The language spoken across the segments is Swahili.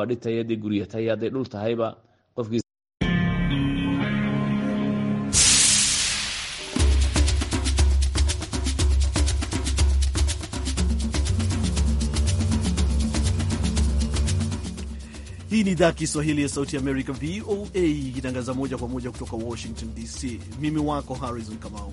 waa dhintay haddii guryo tahay dhul tahayba qofkii Hii ni idhaa Kiswahili ya Sauti ya Amerika, VOA, ikitangaza moja kwa moja kutoka Washington DC. Mimi wako Harrison Kamau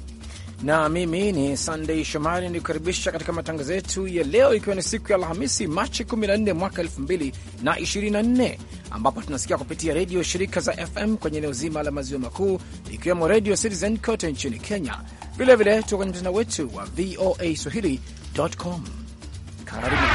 na mimi ni Sandei Shomari nikukaribisha katika matangazo yetu ya leo, ikiwa ni siku ya Alhamisi Machi 14 mwaka 2024, ambapo tunasikia kupitia redio shirika za FM kwenye eneo zima la maziwa makuu ikiwemo redio Citizen kote nchini Kenya. Vilevile tuko kwenye mtandao wetu wa VOA swahili.com. Karibu.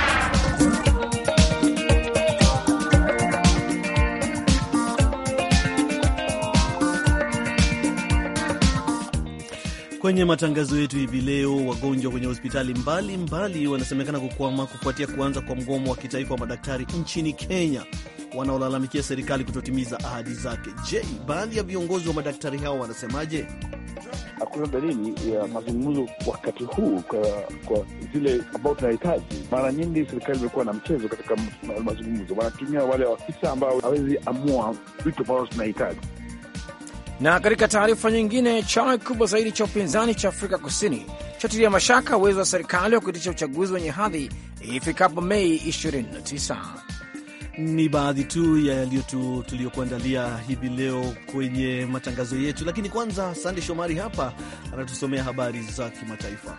Kwenye matangazo yetu hivi leo, wagonjwa kwenye hospitali mbalimbali wanasemekana kukwama kufuatia kuanza kwa mgomo wa kitaifa wa madaktari nchini Kenya wanaolalamikia serikali kutotimiza ahadi zake. Je, baadhi ya viongozi wa madaktari hao wanasemaje? Hakuna dalili ya mazungumzo wakati huu kwa, kwa zile ambao tunahitaji. Mara nyingi serikali imekuwa na mchezo katika mazungumzo, wanatumia wale waafisa ambao hawezi amua vitu ambavyo tunahitaji. Na katika taarifa nyingine, chama kikubwa zaidi cha upinzani cha Afrika Kusini chatilia mashaka uwezo wa serikali wa kuitisha uchaguzi wenye hadhi ifikapo Mei 29. Ni baadhi tu ya yaliyo tuliyokuandalia hivi leo kwenye matangazo yetu, lakini kwanza, Sande Shomari hapa anatusomea habari za kimataifa.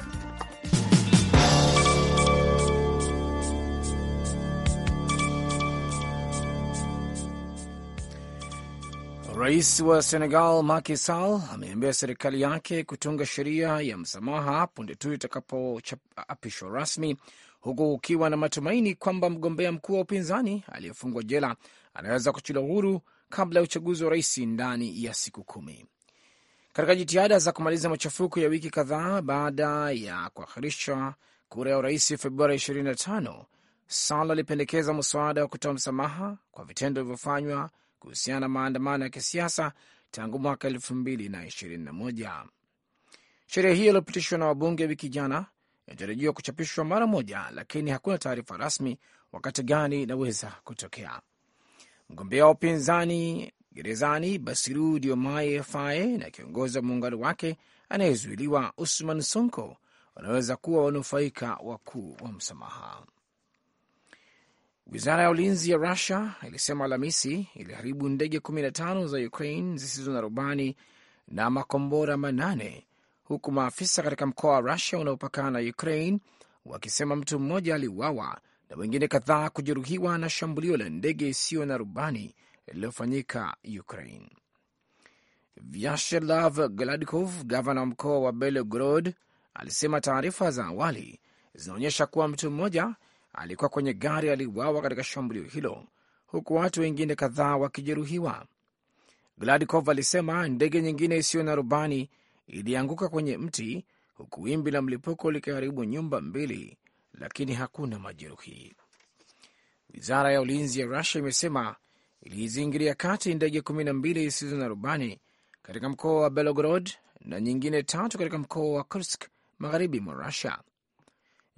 Rais wa Senegal Macky Sall ameambia serikali yake kutunga sheria ya msamaha punde tu itakapoapishwa rasmi, huku ukiwa na matumaini kwamba mgombea mkuu wa upinzani aliyefungwa jela anaweza kuachiliwa huru kabla ya uchaguzi wa rais ndani ya siku kumi. Katika jitihada za kumaliza machafuko ya wiki kadhaa baada ya kuahirisha kura ya urais Februari 25, Sall alipendekeza mswada wa kutoa msamaha kwa vitendo vilivyofanywa kuhusiana na maandamano ya kisiasa tangu mwaka elfu mbili na ishirini na moja. Sheria hiyo iliyopitishwa na wabunge wiki jana inatarajiwa kuchapishwa mara moja, lakini hakuna taarifa rasmi wakati gani inaweza kutokea. Mgombea wa upinzani gerezani Basiru Diomaye Faye na kiongozi wa muungano wake anayezuiliwa Usman Sonko wanaweza kuwa wanufaika wakuu wa msamaha. Wizara ya ulinzi ya Rusia ilisema Alhamisi iliharibu ndege 15 za Ukraine zisizo na rubani na makombora manane, huku maafisa katika mkoa wa Rusia unaopakana na Ukraine wakisema mtu mmoja aliuawa na wengine kadhaa kujeruhiwa na shambulio la ndege isiyo na rubani lililofanyika Ukraine. Vyashelav Gladkov, gavana wa mkoa wa Belgorod, alisema taarifa za awali zinaonyesha kuwa mtu mmoja alikuwa kwenye gari aliuawa katika shambulio hilo, huku watu wengine kadhaa wakijeruhiwa. Gladkov alisema ndege nyingine isiyo na rubani ilianguka kwenye mti, huku wimbi la mlipuko likiharibu nyumba mbili, lakini hakuna majeruhi. Wizara ya ulinzi ya Rusia imesema iliizingiria kati ndege kumi na mbili zisizo na rubani katika mkoa wa belogrod na nyingine tatu katika mkoa wa Kursk magharibi mwa Rusia.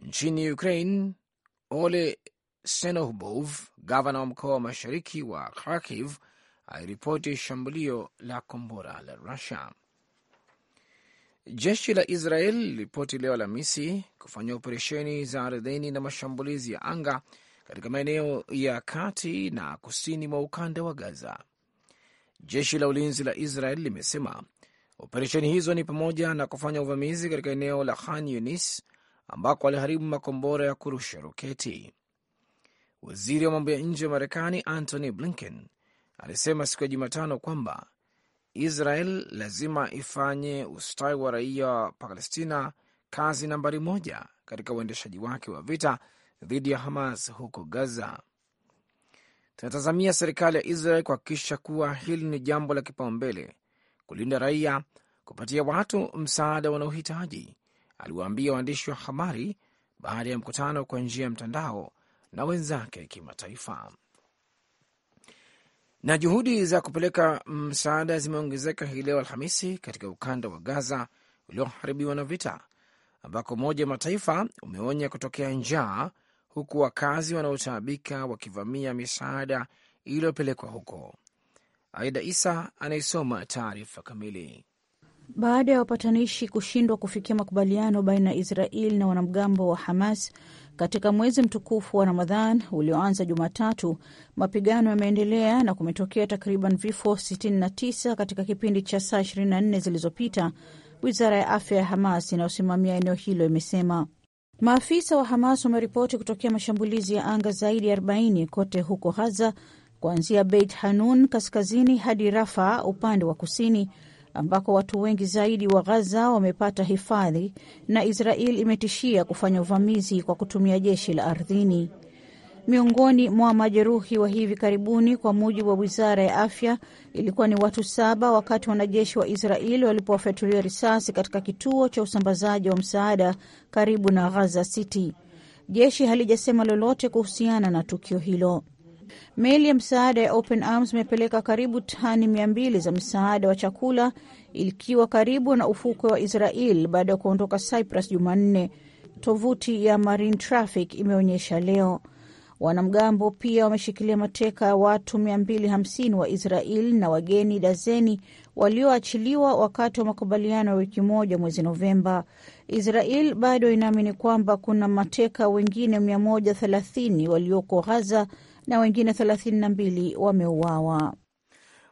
Nchini Ukraine, Ole Senohbov, gavana wa mkoa wa mashariki wa Kharkiv, aliripoti shambulio la kombora la Rusia. Jeshi la Israel liliripoti leo Alhamisi kufanya operesheni za ardhini na mashambulizi ya anga katika maeneo ya kati na kusini mwa ukanda wa Gaza. Jeshi la ulinzi la Israel limesema operesheni hizo ni pamoja na kufanya uvamizi katika eneo la Khan Yunis ambako aliharibu makombora ya kurusha roketi. Waziri wa mambo ya nje wa Marekani Antony Blinken alisema siku ya Jumatano kwamba Israel lazima ifanye ustawi wa raia wa Palestina kazi nambari moja katika uendeshaji wake wa vita dhidi ya Hamas huko Gaza. Tunatazamia serikali ya Israel kuhakikisha kuwa hili ni jambo la kipaumbele, kulinda raia, kupatia watu msaada wanaohitaji aliwaambia waandishi wa habari baada ya mkutano kwa njia ya mtandao na wenzake kimataifa. Na juhudi za kupeleka msaada zimeongezeka hii leo Alhamisi katika ukanda wa Gaza ulioharibiwa na vita, ambako Umoja wa Mataifa umeonya kutokea njaa, huku wakazi wanaotaabika wakivamia misaada iliyopelekwa huko. Aida Isa anaisoma taarifa kamili baada ya wapatanishi kushindwa kufikia makubaliano baina ya Israel na wanamgambo wa Hamas katika mwezi mtukufu wa Ramadhan ulioanza Jumatatu, mapigano yameendelea na kumetokea takriban vifo 69 katika kipindi cha saa 24 zilizopita, wizara ya afya ya Hamas inayosimamia eneo hilo imesema. Maafisa wa Hamas wameripoti kutokea mashambulizi ya anga zaidi ya 40 kote huko Ghaza, kuanzia Beit Hanun kaskazini hadi Rafa upande wa kusini ambako watu wengi zaidi wa Ghaza wamepata hifadhi na Israel imetishia kufanya uvamizi kwa kutumia jeshi la ardhini. Miongoni mwa majeruhi wa hivi karibuni, kwa mujibu wa wizara ya afya, ilikuwa ni watu saba wakati wanajeshi wa israel walipowafyatulia risasi katika kituo cha usambazaji wa msaada karibu na Ghaza City. Jeshi halijasema lolote kuhusiana na tukio hilo. Meli ya msaada ya Open Arms imepeleka karibu tani mia mbili za msaada wa chakula ikiwa karibu na ufukwe wa Israel baada ya kuondoka Cyprus Jumanne, tovuti ya Marine Traffic imeonyesha leo. Wanamgambo pia wameshikilia mateka watu 250 wa Israel na wageni dazeni walioachiliwa wakati wa makubaliano ya wiki moja mwezi Novemba. Israel bado inaamini kwamba kuna mateka wengine 130 walioko Ghaza na wengine 32 wameuawa.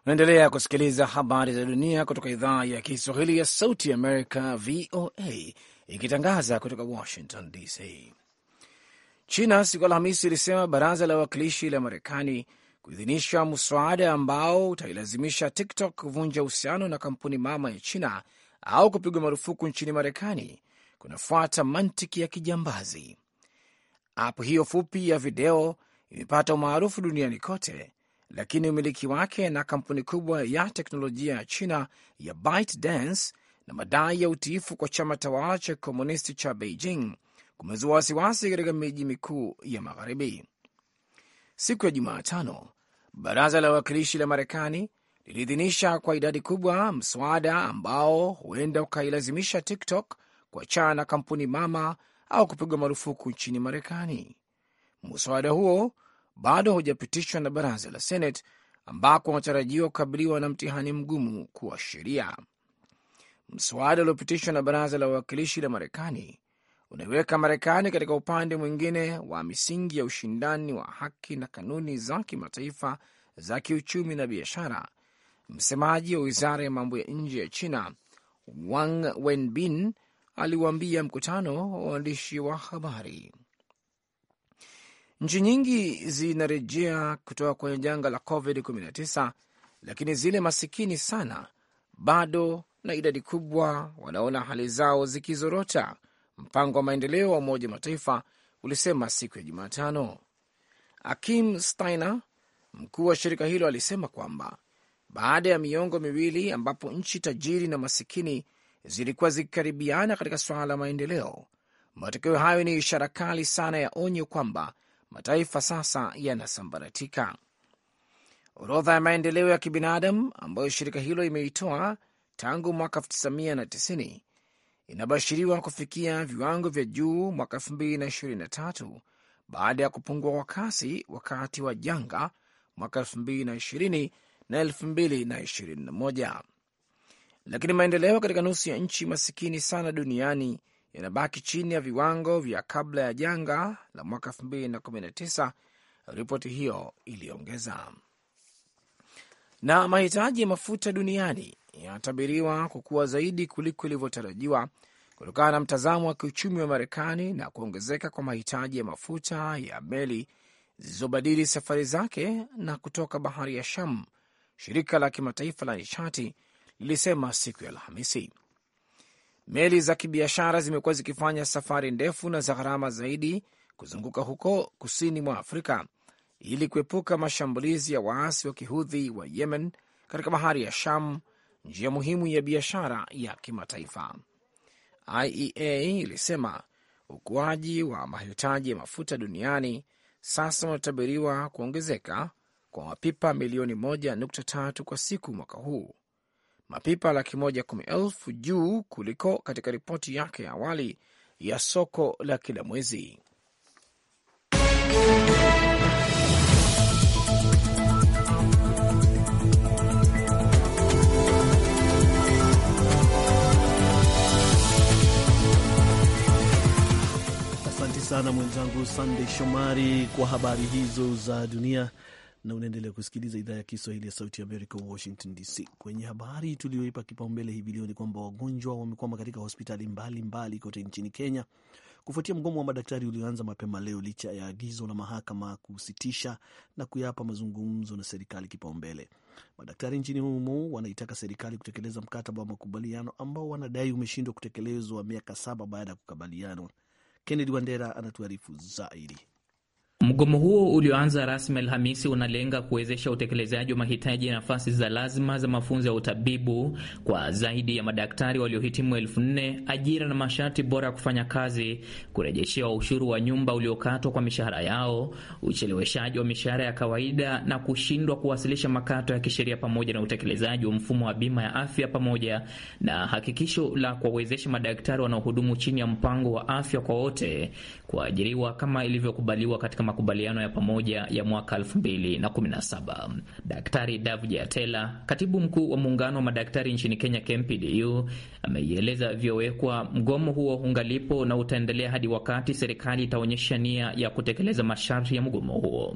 Unaendelea kusikiliza habari za dunia kutoka idhaa ya Kiswahili ya Sauti Amerika, VOA, ikitangaza kutoka Washington DC. China siku Alhamisi ilisema baraza la wawakilishi la Marekani kuidhinisha mswada ambao utailazimisha TikTok kuvunja uhusiano na kampuni mama ya China au kupigwa marufuku nchini Marekani kunafuata mantiki ya kijambazi. Apu hiyo fupi ya video imepata umaarufu duniani kote, lakini umiliki wake na kampuni kubwa ya teknolojia ya China ya ByteDance na madai ya utiifu kwa chama tawala cha kikomunisti cha Beijing kumezua wasiwasi katika miji mikuu ya magharibi. Siku ya Jumatano, baraza la wawakilishi la Marekani liliidhinisha kwa idadi kubwa mswada ambao huenda ukailazimisha TikTok kuachana na kampuni mama au kupigwa marufuku nchini Marekani. Mswada huo bado haujapitishwa na baraza la Senate ambako wanatarajiwa kukabiliwa na mtihani mgumu kuwa sheria. Mswada uliopitishwa na baraza la wawakilishi la Marekani unaiweka Marekani katika upande mwingine wa misingi ya ushindani wa haki na kanuni za kimataifa za kiuchumi na biashara. Msemaji wa wizara ya mambo ya nje ya China Wang Wenbin aliwaambia mkutano wa waandishi wa habari. Nchi nyingi zinarejea kutoka kwenye janga la COVID-19, lakini zile masikini sana bado na idadi kubwa wanaona hali zao zikizorota, mpango wa maendeleo wa Umoja Mataifa ulisema siku ya Jumatano. Akim Steiner, mkuu wa shirika hilo, alisema kwamba baada ya miongo miwili ambapo nchi tajiri na masikini zilikuwa zikikaribiana katika suala la maendeleo, matokeo hayo ni ishara kali sana ya onyo kwamba mataifa sasa yanasambaratika. Orodha ya maendeleo ya kibinadamu ambayo shirika hilo imeitoa tangu mwaka 1990 inabashiriwa kufikia viwango vya juu mwaka 2023 baada ya kupungua kwa kasi wakati wa janga mwaka 2020 na 2021. Lakini maendeleo katika nusu ya nchi masikini sana duniani yanabaki chini ya viwango vya kabla ya janga la mwaka 2019, ripoti hiyo iliongeza. Na mahitaji ya mafuta duniani yanatabiriwa kukua zaidi kuliko ilivyotarajiwa kutokana na mtazamo wa kiuchumi wa Marekani na kuongezeka kwa mahitaji ya mafuta ya meli zilizobadili safari zake na kutoka bahari ya Sham, shirika la kimataifa la nishati lilisema siku ya Alhamisi. Meli za kibiashara zimekuwa zikifanya safari ndefu na za gharama zaidi kuzunguka huko kusini mwa Afrika ili kuepuka mashambulizi ya waasi wa kihudhi wa Yemen katika bahari ya Sham, njia muhimu ya biashara ya kimataifa. IEA ilisema ukuaji wa mahitaji ya mafuta duniani sasa unatabiriwa kuongezeka kwa mapipa milioni 1.3 kwa siku mwaka huu mapipa laki moja kumi elfu juu kuliko katika ripoti yake ya awali ya soko la kila mwezi. Asante sana mwenzangu Sandey Shomari kwa habari hizo za dunia na unaendelea kusikiliza idhaa ya Kiswahili ya Sauti ya Amerika, Washington DC. Kwenye habari tuliyoipa kipaumbele hivi leo ni kwamba wagonjwa wamekwama katika hospitali mbalimbali kote nchini Kenya kufuatia mgomo wa madaktari ulioanza mapema leo licha ya agizo la mahakama kusitisha na kuyapa mazungumzo na serikali kipaumbele. Madaktari nchini humo wanaitaka serikali kutekeleza mkataba wa makubaliano ambao wanadai umeshindwa kutekelezwa miaka saba baada ya kukubaliana. Kennedy Wandera anatuarifu zaidi. Mgomo huo ulioanza rasmi Alhamisi unalenga kuwezesha utekelezaji wa mahitaji ya nafasi za lazima za mafunzo ya utabibu kwa zaidi ya madaktari waliohitimu elfu nne, ajira na masharti bora ya kufanya kazi, kurejeshewa ushuru wa nyumba uliokatwa kwa mishahara yao, ucheleweshaji wa mishahara ya kawaida na kushindwa kuwasilisha makato ya kisheria, pamoja na utekelezaji wa mfumo wa bima ya afya, pamoja na hakikisho la kuwawezesha madaktari wanaohudumu chini ya mpango wa afya kwa wote kuajiriwa kama ilivyokubaliwa katika makubaliano ya pamoja ya mwaka 2017. Daktari Davji Atela, katibu mkuu wa muungano wa madaktari nchini Kenya KMPDU, ameieleza vyowekwa mgomo huo ungalipo na utaendelea hadi wakati serikali itaonyesha nia ya kutekeleza masharti ya mgomo huo.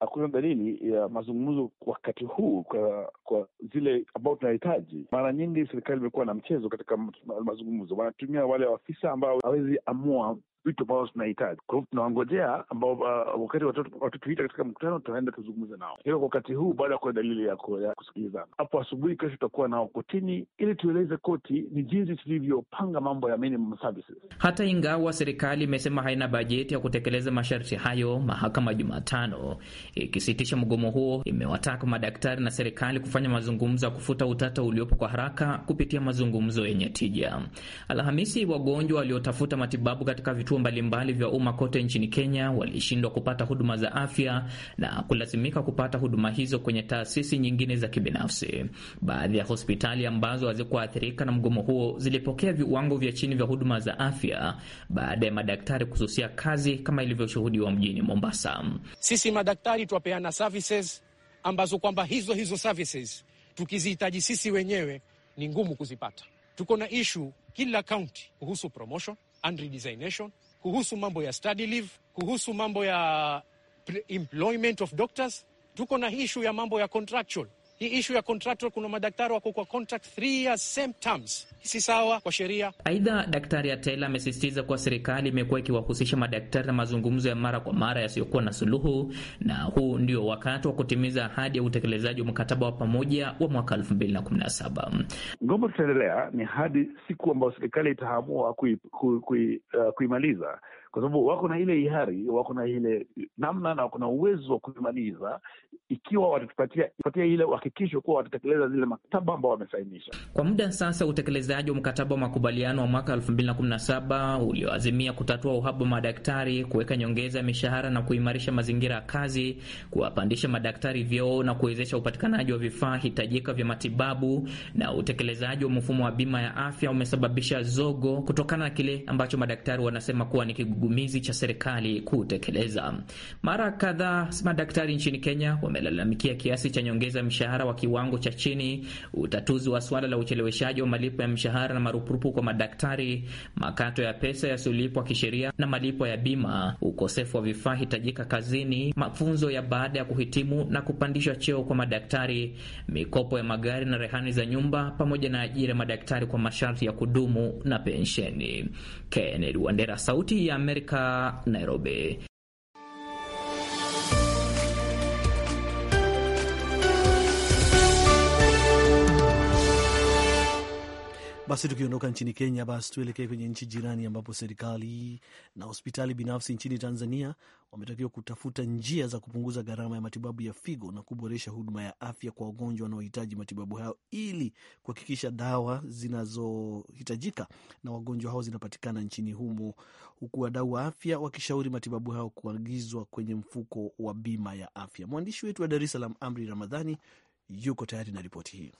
Hakuna dalili ya mazungumzo wakati huu kwa, kwa zile ambao tunahitaji. Mara nyingi serikali imekuwa na mchezo katika mazungumzo, wanatumia wale afisa ambao hawezi amua vitu ambavyo tunahitaji. Kwa hivyo tunawangojea ambao, uh, wakati watutuita katika mkutano, tutaenda tuzungumze nao, ila kwa wakati huu baada ya kuwa dalili ya kusikilizana. Hapo asubuhi kesho tutakuwa nao kotini, ili tueleze koti ni jinsi tulivyopanga mambo ya minimum services. Hata ingawa serikali imesema haina bajeti ya kutekeleza masharti hayo, mahakama Jumatano ikisitisha mgomo huo imewataka madaktari na serikali kufanya mazungumzo ya kufuta utata uliopo kwa haraka kupitia mazungumzo yenye tija. Alhamisi, wagonjwa waliotafuta matibabu katika vituo vituo mbalimbali vya umma kote nchini Kenya walishindwa kupata huduma za afya na kulazimika kupata huduma hizo kwenye taasisi nyingine za kibinafsi. Baadhi ya hospitali ambazo hazikuathirika na mgomo huo zilipokea viwango vya chini vya huduma za afya baada ya madaktari kususia kazi kama ilivyoshuhudiwa mjini Mombasa. Sisi madaktari twapeana services ambazo kwamba hizo hizo services tukizihitaji sisi wenyewe ni ngumu kuzipata. Tuko na ishu kila kaunti kuhusu promotion and redesignation kuhusu mambo ya study leave, kuhusu mambo ya employment of doctors. Tuko na ishu ya mambo ya contractual hii ishu ya contractor, kuna madaktari wako kwa contract three years same terms, si sawa kwa sheria. Aidha, Daktari Atela amesisitiza kuwa serikali imekuwa ikiwahusisha madaktari na mazungumzo ya mara kwa mara yasiyokuwa na suluhu, na huu ndio wakati wa kutimiza ahadi ya utekelezaji wa mkataba wa pamoja wa mwaka elfu mbili na kumi na saba. Mgomo tutaendelea ni hadi siku ambayo serikali itaamua kuimaliza kui, kui, uh, kui kwa sababu wako na ile ihari, wako na ile namna na wako na uwezo wa kuimaliza ikiwa watatupatia ile wahakikishwe kuwa watatekeleza zile mkataba ambao wamesainisha. Kwa muda sasa, utekelezaji wa mkataba wa makubaliano wa mwaka 2017 ulioazimia kutatua uhaba wa madaktari, kuweka nyongeza ya mishahara na kuimarisha mazingira ya kazi, kuwapandisha madaktari vyoo na kuwezesha upatikanaji wa vifaa hitajika vya matibabu na utekelezaji wa mfumo wa bima ya afya umesababisha zogo kutokana na kile ambacho madaktari wanasema kuwa ni kigugumizi cha serikali kutekeleza. Mara kadhaa madaktari nchini Kenya wamelalamikia kiasi cha nyongeza mishahara mshahara wa kiwango cha chini, utatuzi wa suala la ucheleweshaji wa malipo ya mshahara na marupurupu kwa madaktari, makato ya pesa yasiyolipwa kisheria na malipo ya bima, ukosefu wa vifaa hitajika kazini, mafunzo ya baada ya kuhitimu na kupandishwa cheo kwa madaktari, mikopo ya magari na rehani za nyumba, pamoja na ajira ya madaktari kwa masharti ya kudumu na pensheni. Kennedy Wandera, Sauti ya Amerika, Nairobi. Basi tukiondoka nchini Kenya, basi tuelekee kwenye nchi jirani ambapo serikali na hospitali binafsi nchini Tanzania wametakiwa kutafuta njia za kupunguza gharama ya matibabu ya figo na kuboresha huduma ya afya kwa wagonjwa wanaohitaji matibabu hayo ili kuhakikisha dawa zinazohitajika na wagonjwa hao zinapatikana nchini humo, huku wadau wa afya wakishauri matibabu hayo kuagizwa kwenye mfuko wa bima ya afya. Mwandishi wetu wa Dar es Salaam, Amri Ramadhani, yuko tayari na ripoti hii.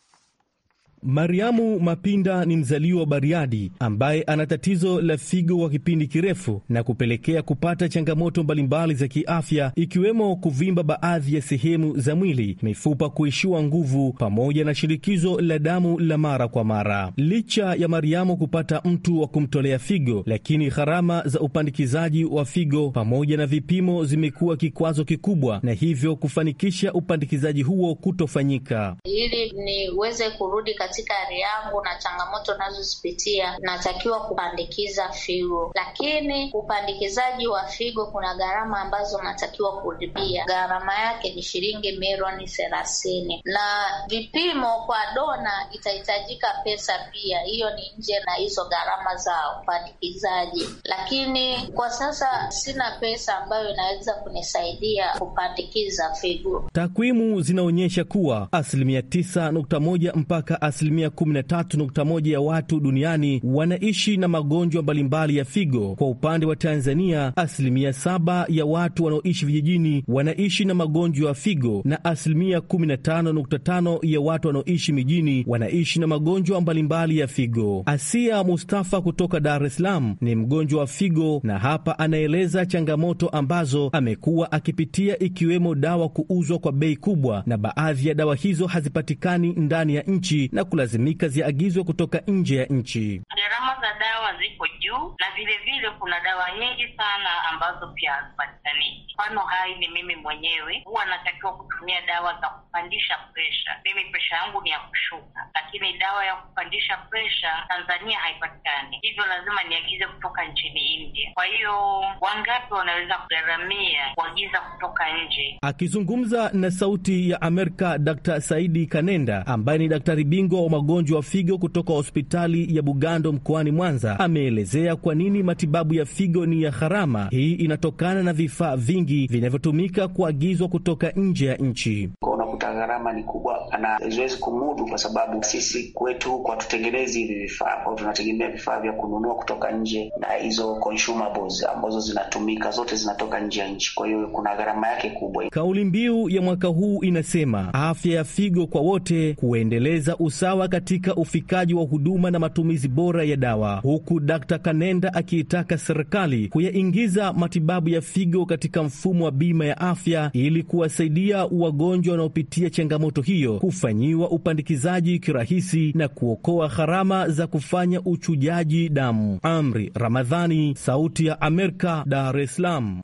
Mariamu Mapinda ni mzaliwa wa Bariadi ambaye ana tatizo la figo kwa kipindi kirefu na kupelekea kupata changamoto mbalimbali za kiafya ikiwemo kuvimba baadhi ya sehemu za mwili, mifupa kuishiwa nguvu, pamoja na shinikizo la damu la mara kwa mara. Licha ya Mariamu kupata mtu wa kumtolea figo, lakini gharama za upandikizaji wa figo pamoja na vipimo zimekuwa kikwazo kikubwa, na hivyo kufanikisha upandikizaji huo kutofanyika. Ili niweze kurudi katika hali yangu na changamoto nazozipitia, natakiwa kupandikiza figo, lakini upandikizaji wa figo kuna gharama ambazo natakiwa kulipia. Gharama yake ni shilingi milioni thelathini, na vipimo kwa dona itahitajika pesa pia, hiyo ni nje na hizo gharama za upandikizaji. Lakini kwa sasa sina pesa ambayo inaweza kunisaidia kupandikiza figo. Takwimu zinaonyesha kuwa asilimia 9.1 mpaka asilimia asilimia 13.1 ya watu duniani wanaishi na magonjwa mbalimbali ya figo. Kwa upande wa Tanzania, asilimia 7 ya watu wanaoishi vijijini wanaishi na magonjwa ya figo na asilimia 15.5 ya watu wanaoishi mijini wanaishi na magonjwa mbalimbali ya figo. Asia Mustafa kutoka Dar es Salaam ni mgonjwa wa figo na hapa anaeleza changamoto ambazo amekuwa akipitia ikiwemo dawa kuuzwa kwa bei kubwa na baadhi ya dawa hizo hazipatikani ndani ya nchi na kulazimika ziagizwe kutoka nje ya nchi gharama za dawa ziko juu, na vilevile kuna dawa nyingi sana ambazo pia hazipatikani. Mfano hai ni mimi mwenyewe huwa natakiwa kutumia dawa za kupandisha presha. Mimi presha yangu ni ya kushuka, lakini dawa ya kupandisha presha Tanzania haipatikani, hivyo lazima niagize kutoka nchini India. Kwa hiyo wangapi wanaweza kugharamia kuagiza kutoka nje? Akizungumza na Sauti ya Amerika, d Saidi Kanenda ambaye ni daktari bingwa wa magonjwa figo kutoka hospitali ya Bugando mkoani Mwanza ameelezea kwa nini matibabu ya figo ni ya gharama. Hii inatokana na vifaa vingi vinavyotumika kuagizwa kutoka nje ya nchi unakuta gharama ni kubwa na ziwezi kumudu, kwa sababu sisi kwetu huku hatutengenezi hivi vifaa, kwao tunategemea vifaa vya kununua kutoka nje, na hizo consumables ambazo zinatumika zote zinatoka nje ya nchi, kwa hiyo kuna gharama yake kubwa. Kauli mbiu ya mwaka huu inasema afya ya figo kwa wote, kuendeleza usawa katika ufikaji wa huduma na matumizi bora ya dawa, huku Dkt. Kanenda akiitaka serikali kuyaingiza matibabu ya figo katika mfumo wa bima ya afya ili kuwasaidia wagonjwa wanaopitia kupitia changamoto hiyo kufanyiwa upandikizaji kirahisi na kuokoa gharama za kufanya uchujaji damu. Amri Ramadhani, Sauti ya Amerika, Dar es Salaam.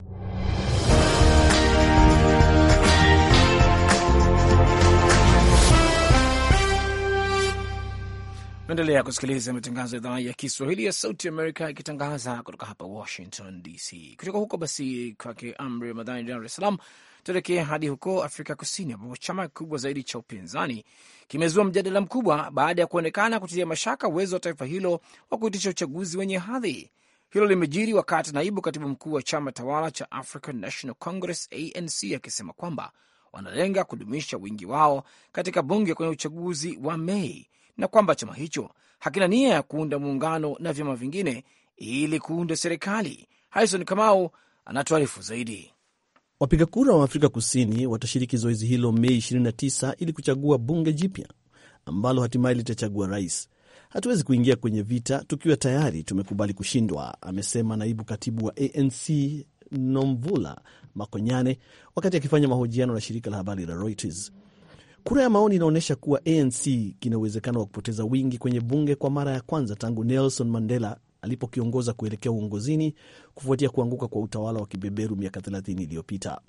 Endelea kusikiliza matangazo ya idhaa ya Kiswahili ya Sauti Amerika ikitangaza kutoka hapa Washington DC. Kutoka huko basi kwake Amri Ramadhani, Dar es Salaam. Tuelekee hadi huko Afrika Kusini, ambapo chama kikubwa zaidi cha upinzani kimezua mjadala mkubwa baada ya kuonekana kutilia mashaka uwezo wa taifa hilo wa kuitisha uchaguzi wenye hadhi. Hilo limejiri wakati naibu katibu mkuu wa chama tawala cha African National Congress ANC akisema kwamba wanalenga kudumisha wingi wao katika bunge kwenye uchaguzi wa Mei na kwamba chama hicho hakina nia ya kuunda muungano na vyama vingine ili kuunda serikali. Harison Kamau anatuarifu zaidi. Wapiga kura wa Afrika Kusini watashiriki zoezi hilo Mei 29 ili kuchagua bunge jipya ambalo hatimaye litachagua rais. Hatuwezi kuingia kwenye vita tukiwa tayari tumekubali kushindwa, amesema naibu katibu wa ANC Nomvula Makonyane wakati akifanya mahojiano na shirika la habari la Reuters. Kura ya maoni inaonyesha kuwa ANC kina uwezekano wa kupoteza wingi kwenye bunge kwa mara ya kwanza tangu Nelson Mandela alipokiongoza kuelekea uongozini kufuatia kuanguka kwa utawala wa kibeberu miaka 30 iliyopita.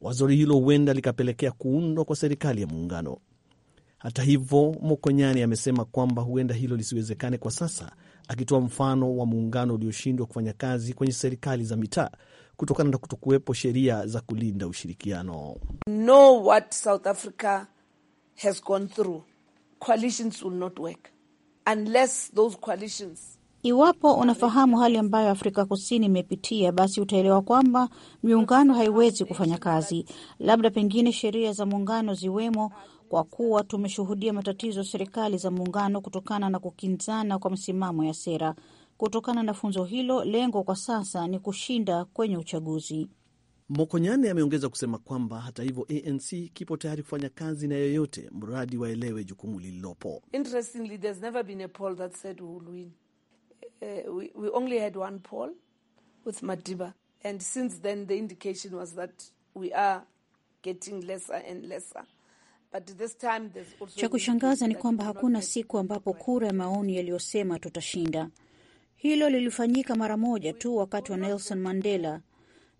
Wazo hilo huenda likapelekea kuundwa kwa serikali ya muungano. Hata hivyo, Mokonyani amesema kwamba huenda hilo lisiwezekane kwa sasa, akitoa mfano wa muungano ulioshindwa kufanya kazi kwenye serikali za mitaa kutokana na kutokuwepo sheria za kulinda ushirikiano. Know what South Africa has gone through. Coalitions will not work unless those coalitions Iwapo unafahamu hali ambayo Afrika Kusini imepitia, basi utaelewa kwamba miungano haiwezi kufanya kazi, labda pengine sheria za muungano ziwemo, kwa kuwa tumeshuhudia matatizo serikali za muungano kutokana na kukinzana kwa msimamo ya sera. Kutokana na funzo hilo, lengo kwa sasa ni kushinda kwenye uchaguzi. Mokonyane ameongeza kusema kwamba hata hivyo, ANC kipo tayari kufanya kazi na yoyote, mradi waelewe jukumu lililopo uh, we, we only had one poll with Madiba. And since then, the indication was that we are getting lesser and lesser. Cha kushangaza ni kwamba hakuna siku ambapo kura ya maoni yaliyosema tutashinda. Hilo lilifanyika mara moja tu wakati wa Nelson Mandela.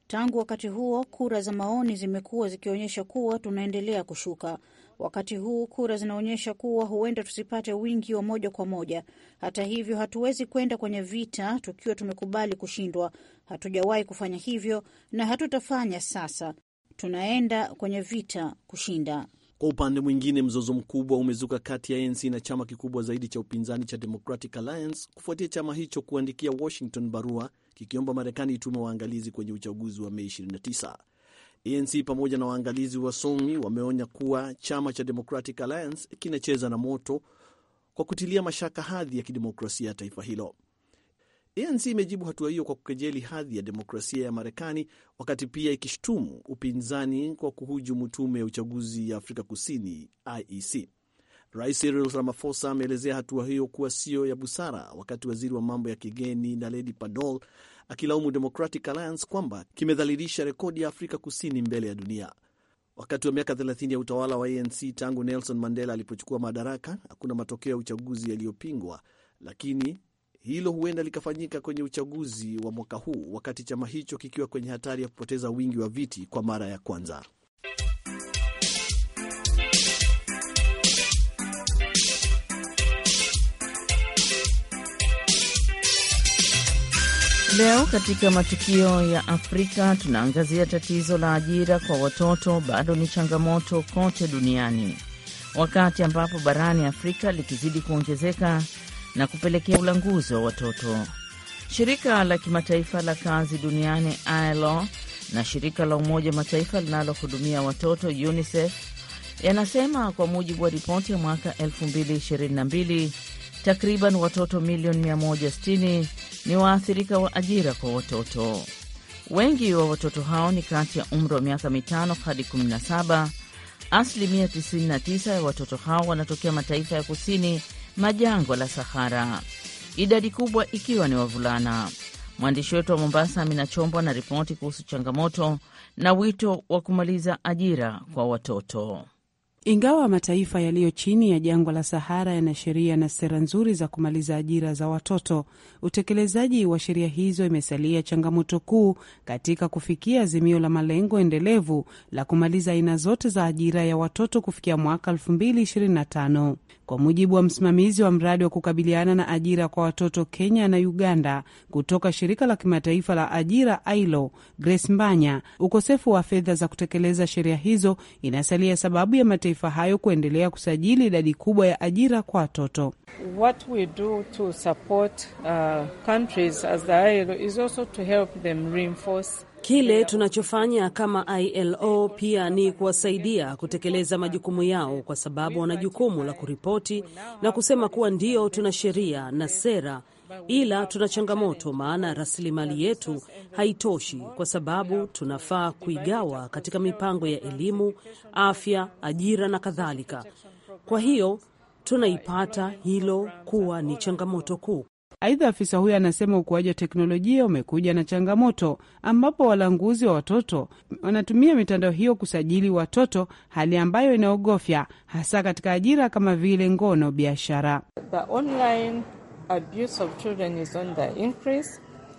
Tangu wakati huo, kura za maoni zimekuwa zikionyesha kuwa tunaendelea kushuka. Wakati huu kura zinaonyesha kuwa huenda tusipate wingi wa moja kwa moja. Hata hivyo, hatuwezi kwenda kwenye vita tukiwa tumekubali kushindwa. Hatujawahi kufanya hivyo na hatutafanya sasa. Tunaenda kwenye vita kushinda. Kwa upande mwingine, mzozo mkubwa umezuka kati ya ANC na chama kikubwa zaidi cha upinzani cha Democratic Alliance kufuatia chama hicho kuandikia Washington barua kikiomba Marekani itume waangalizi kwenye uchaguzi wa Mei 29. ANC e pamoja na waangalizi wasomi wameonya kuwa chama cha Democratic Alliance kinacheza na moto kwa kutilia mashaka hadhi ya kidemokrasia ya taifa hilo. ANC e imejibu hatua hiyo kwa kukejeli hadhi ya demokrasia ya Marekani, wakati pia ikishutumu upinzani kwa kuhujumu tume ya uchaguzi ya Afrika Kusini, IEC. Rais Cyril Ramaphosa ameelezea hatua hiyo kuwa siyo ya busara, wakati waziri wa mambo ya kigeni Naledi Pandor akilaumu Democratic Alliance kwamba kimedhalilisha rekodi ya Afrika Kusini mbele ya dunia. Wakati wa miaka 30 ya utawala wa ANC tangu Nelson Mandela alipochukua madaraka, hakuna matokeo ya uchaguzi yaliyopingwa, lakini hilo huenda likafanyika kwenye uchaguzi wa mwaka huu, wakati chama hicho kikiwa kwenye hatari ya kupoteza wingi wa viti kwa mara ya kwanza. Leo katika matukio ya Afrika tunaangazia tatizo la ajira kwa watoto bado ni changamoto kote duniani, wakati ambapo barani Afrika likizidi kuongezeka na kupelekea ulanguzi wa watoto. Shirika la kimataifa la kazi duniani ILO na shirika la Umoja wa Mataifa linalohudumia watoto UNICEF yanasema kwa mujibu wa ripoti ya mwaka 2022 Takriban watoto milioni 160 ni waathirika wa ajira kwa watoto. Wengi wa watoto hao ni kati ya umri wa miaka mitano hadi 17. Asilimia 99 ya watoto hao wanatokea mataifa ya kusini majango la Sahara, idadi kubwa ikiwa ni wavulana. Mwandishi wetu wa Mombasa, Amina Chombo, anaripoti kuhusu changamoto na wito wa kumaliza ajira kwa watoto. Ingawa mataifa yaliyo chini ya jangwa la Sahara yana sheria na sera nzuri za kumaliza ajira za watoto, utekelezaji wa sheria hizo imesalia changamoto kuu katika kufikia azimio la malengo endelevu la kumaliza aina zote za ajira ya watoto kufikia mwaka 2025. Kwa mujibu wa msimamizi wa mradi wa kukabiliana na ajira kwa watoto Kenya na Uganda kutoka shirika la kimataifa la ajira ILO, Grace Mbanya, ukosefu wa fedha za kutekeleza sheria hizo inasalia sababu ya mataifa mataifa hayo kuendelea kusajili idadi kubwa ya ajira kwa watoto. Kile tunachofanya kama ILO pia ni kuwasaidia kutekeleza majukumu yao, kwa sababu wana jukumu la kuripoti na kusema kuwa ndio tuna sheria na sera ila tuna changamoto, maana rasilimali yetu haitoshi, kwa sababu tunafaa kuigawa katika mipango ya elimu, afya, ajira na kadhalika. Kwa hiyo tunaipata hilo kuwa ni changamoto kuu. Aidha, afisa huyo anasema ukuaji wa teknolojia umekuja na changamoto, ambapo walanguzi wa watoto wanatumia mitandao hiyo kusajili watoto, hali ambayo inaogofya hasa katika ajira kama vile ngono, biashara The online abuse of children is on the increase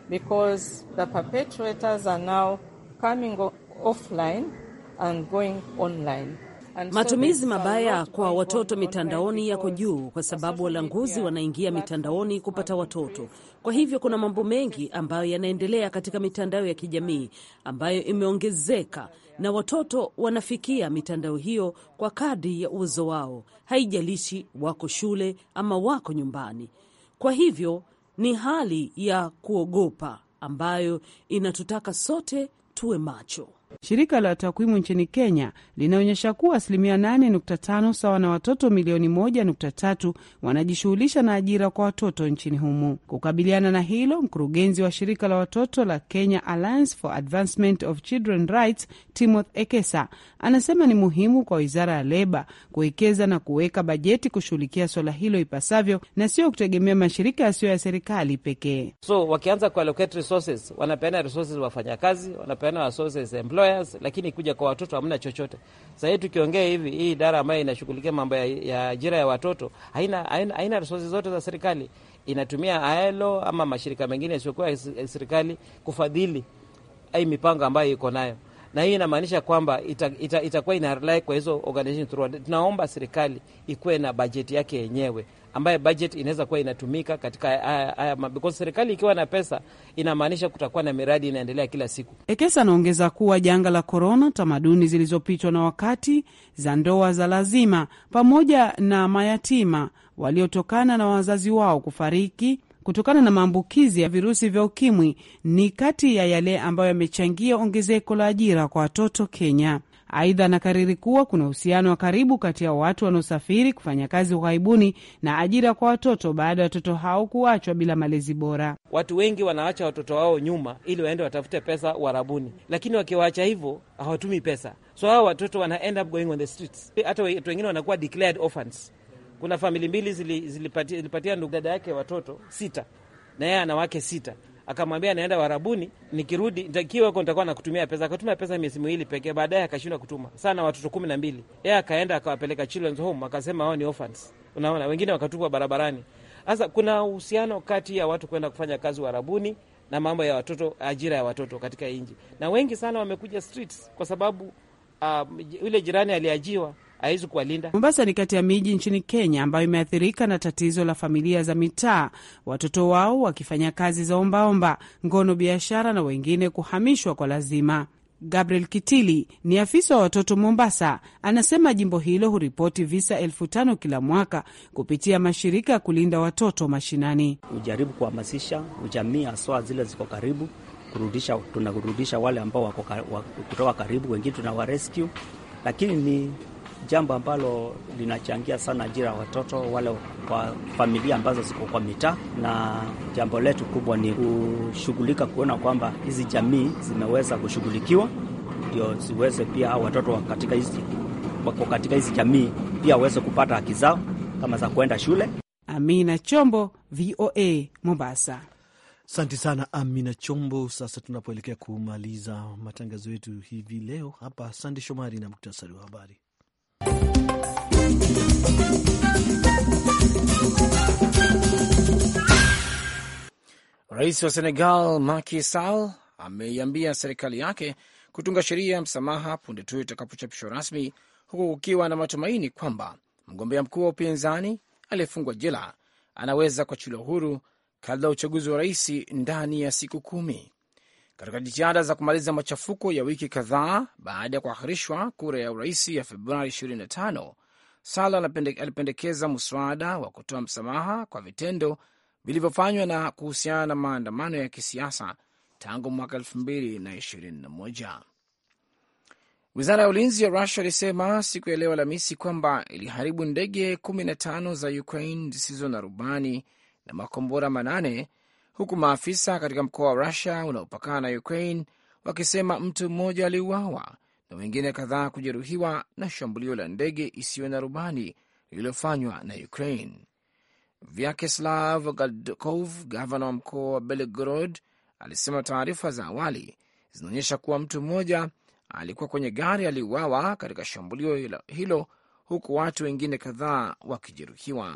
because the perpetrators are now coming offline and going online. And matumizi so mabaya kwa watoto mitandaoni yako juu kwa sababu walanguzi wanaingia mitandaoni kupata watoto. Kwa hivyo kuna mambo mengi ambayo yanaendelea katika mitandao ya kijamii ambayo imeongezeka na watoto wanafikia mitandao hiyo kwa kadri ya uwezo wao, haijalishi wako shule ama wako nyumbani. Kwa hivyo ni hali ya kuogopa ambayo inatutaka sote tuwe macho. Shirika la takwimu nchini Kenya linaonyesha kuwa asilimia 8.5 sawa na watoto milioni 1.3 wanajishughulisha na ajira kwa watoto nchini humo. Kukabiliana na hilo, mkurugenzi wa shirika la watoto la Kenya Alliance for Advancement of Children Rights Timothy Ekesa anasema ni muhimu kwa wizara ya leba kuwekeza na kuweka bajeti kushughulikia swala hilo ipasavyo na sio kutegemea mashirika yasiyo ya serikali pekee. So wakianza kuallocate resources, wanapeana resources wafanyakazi, wanapeana resources employees employers, lakini kuja kwa watoto hamna chochote. Sasa hii tukiongea hivi, hii idara ambayo inashughulikia mambo ya ajira ya watoto haina, haina, haina resources zote za serikali, inatumia AELO ama mashirika mengine yasiyokuwa ya serikali kufadhili hii eh, mipango ambayo iko nayo na hii inamaanisha kwamba itakuwa ita, ita ina rely kwa hizo organization. Tunaomba serikali ikuwe na bajeti yake yenyewe ambayo bajeti inaweza kuwa inatumika katika haya because serikali ikiwa na pesa inamaanisha kutakuwa na miradi inaendelea kila siku. Ekesa anaongeza kuwa janga la korona, tamaduni zilizopitwa na wakati za ndoa za lazima, pamoja na mayatima waliotokana na wazazi wao kufariki kutokana na maambukizi ya virusi vya ukimwi ni kati ya yale ambayo yamechangia ongezeko la ajira kwa watoto Kenya. Aidha, anakariri kuwa kuna uhusiano wa karibu kati ya watu wanaosafiri kufanya kazi ughaibuni na ajira kwa watoto baada ya watoto hao kuachwa bila malezi bora. Watu wengi wanaacha watoto wao nyuma ili waende watafute pesa uharabuni lakini wakiwaacha hivyo hawatumi pesa, so hao watoto wana end up going on the streets. Hata watu wengine wanakuwa declared orphans. Kuna famili mbili zilipatia zili ndugu dada yake watoto sita na yeye ana wake sita, akamwambia naenda warabuni, nikirudi nitakiwa huko nitakuwa nakutumia pesa. Akatuma pesa miezi miwili pekee, baadaye akashindwa kutuma sana watoto kumi na mbili. Yeye akaenda akawapeleka children's home, akasema hao ni orphans. Unaona, wengine wakatupwa barabarani. Sasa kuna uhusiano kati ya watu kwenda kufanya kazi warabuni na mambo ya watoto, ajira ya watoto katika nji na wengi sana wamekuja streets kwa sababu um, yule um, jirani aliajiwa hawezi kuwalinda. Mombasa ni kati ya miji nchini Kenya ambayo imeathirika na tatizo la familia za mitaa, watoto wao wakifanya kazi za ombaomba, ngono, biashara na wengine kuhamishwa kwa lazima. Gabriel Kitili ni afisa wa watoto Mombasa, anasema jimbo hilo huripoti visa elfu tano kila mwaka kupitia mashirika ya kulinda watoto mashinani. Hujaribu kuhamasisha jamii haswa zile ziko karibu kurudisha, tunakurudisha wale ambao wako kutoka karibu, wengine rescue, lakini ni jambo ambalo linachangia sana ajira ya watoto wale kwa familia ambazo ziko kwa mitaa, na jambo letu kubwa ni kushughulika kuona kwamba hizi jamii zimeweza kushughulikiwa, ndio ziweze pia hao watoto katika hizi wako katika hizi jamii pia waweze kupata haki zao kama za kuenda shule. Amina Chombo, VOA Mombasa. Asante sana Amina Chombo. Sasa tunapoelekea kumaliza matangazo yetu hivi leo hapa, Sande Shomari na muktasari wa habari. Rais wa Senegal Macky Sall ameiambia serikali yake kutunga sheria ya msamaha punde tu itakapochapishwa rasmi, huku kukiwa na matumaini kwamba mgombea mkuu wa upinzani aliyefungwa jela anaweza kuachiliwa huru kabla ya uchaguzi wa rais ndani ya siku kumi katika jitihada za kumaliza machafuko ya wiki kadhaa baada ya kuahirishwa kura ya urais ya Februari 25. Sala alipendekeza mswada wa kutoa msamaha kwa vitendo vilivyofanywa na kuhusiana na maandamano ya kisiasa tangu mwaka 2021. Wizara ya ulinzi ya Rusia ilisema siku ya leo Alhamisi kwamba iliharibu ndege 15 za Ukraine zisizo na rubani na makombora manane huku maafisa katika mkoa wa Rusia unaopakana na Ukraine wakisema mtu mmoja aliuawa na wengine kadhaa kujeruhiwa na shambulio la ndege isiyo na rubani lililofanywa na Ukraine. Vyacheslav Gadkov, gavana wa mkoa wa Belgorod, alisema taarifa za awali zinaonyesha kuwa mtu mmoja alikuwa kwenye gari aliuawa katika shambulio hilo, huku watu wengine kadhaa wakijeruhiwa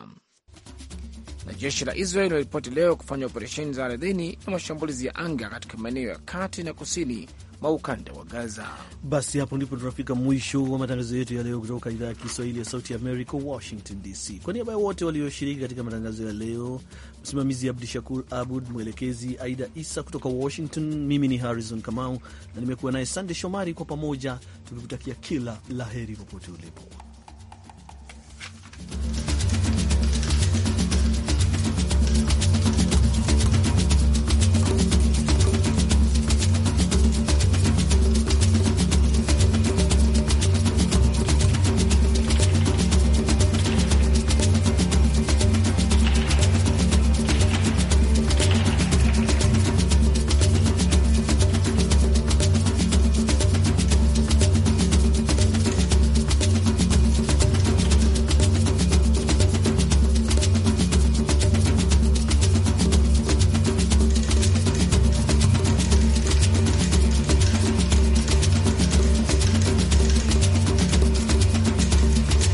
na jeshi la Israel limeripoti leo kufanya operesheni za ardhini na mashambulizi ya anga katika maeneo ya kati na kusini mwa ukanda wa Gaza. Basi hapo ndipo tunafika mwisho wa matangazo yetu ya leo kutoka idhaa ya Kiswahili ya Sauti America, Washington DC. Kwa niaba ya wote walioshiriki katika matangazo ya leo, msimamizi Abdu Shakur Abud, mwelekezi Aida Isa kutoka Washington, mimi ni Harrison Kamau na nimekuwa naye Sande Shomari, kwa pamoja tukikutakia kila la heri popote ulipo.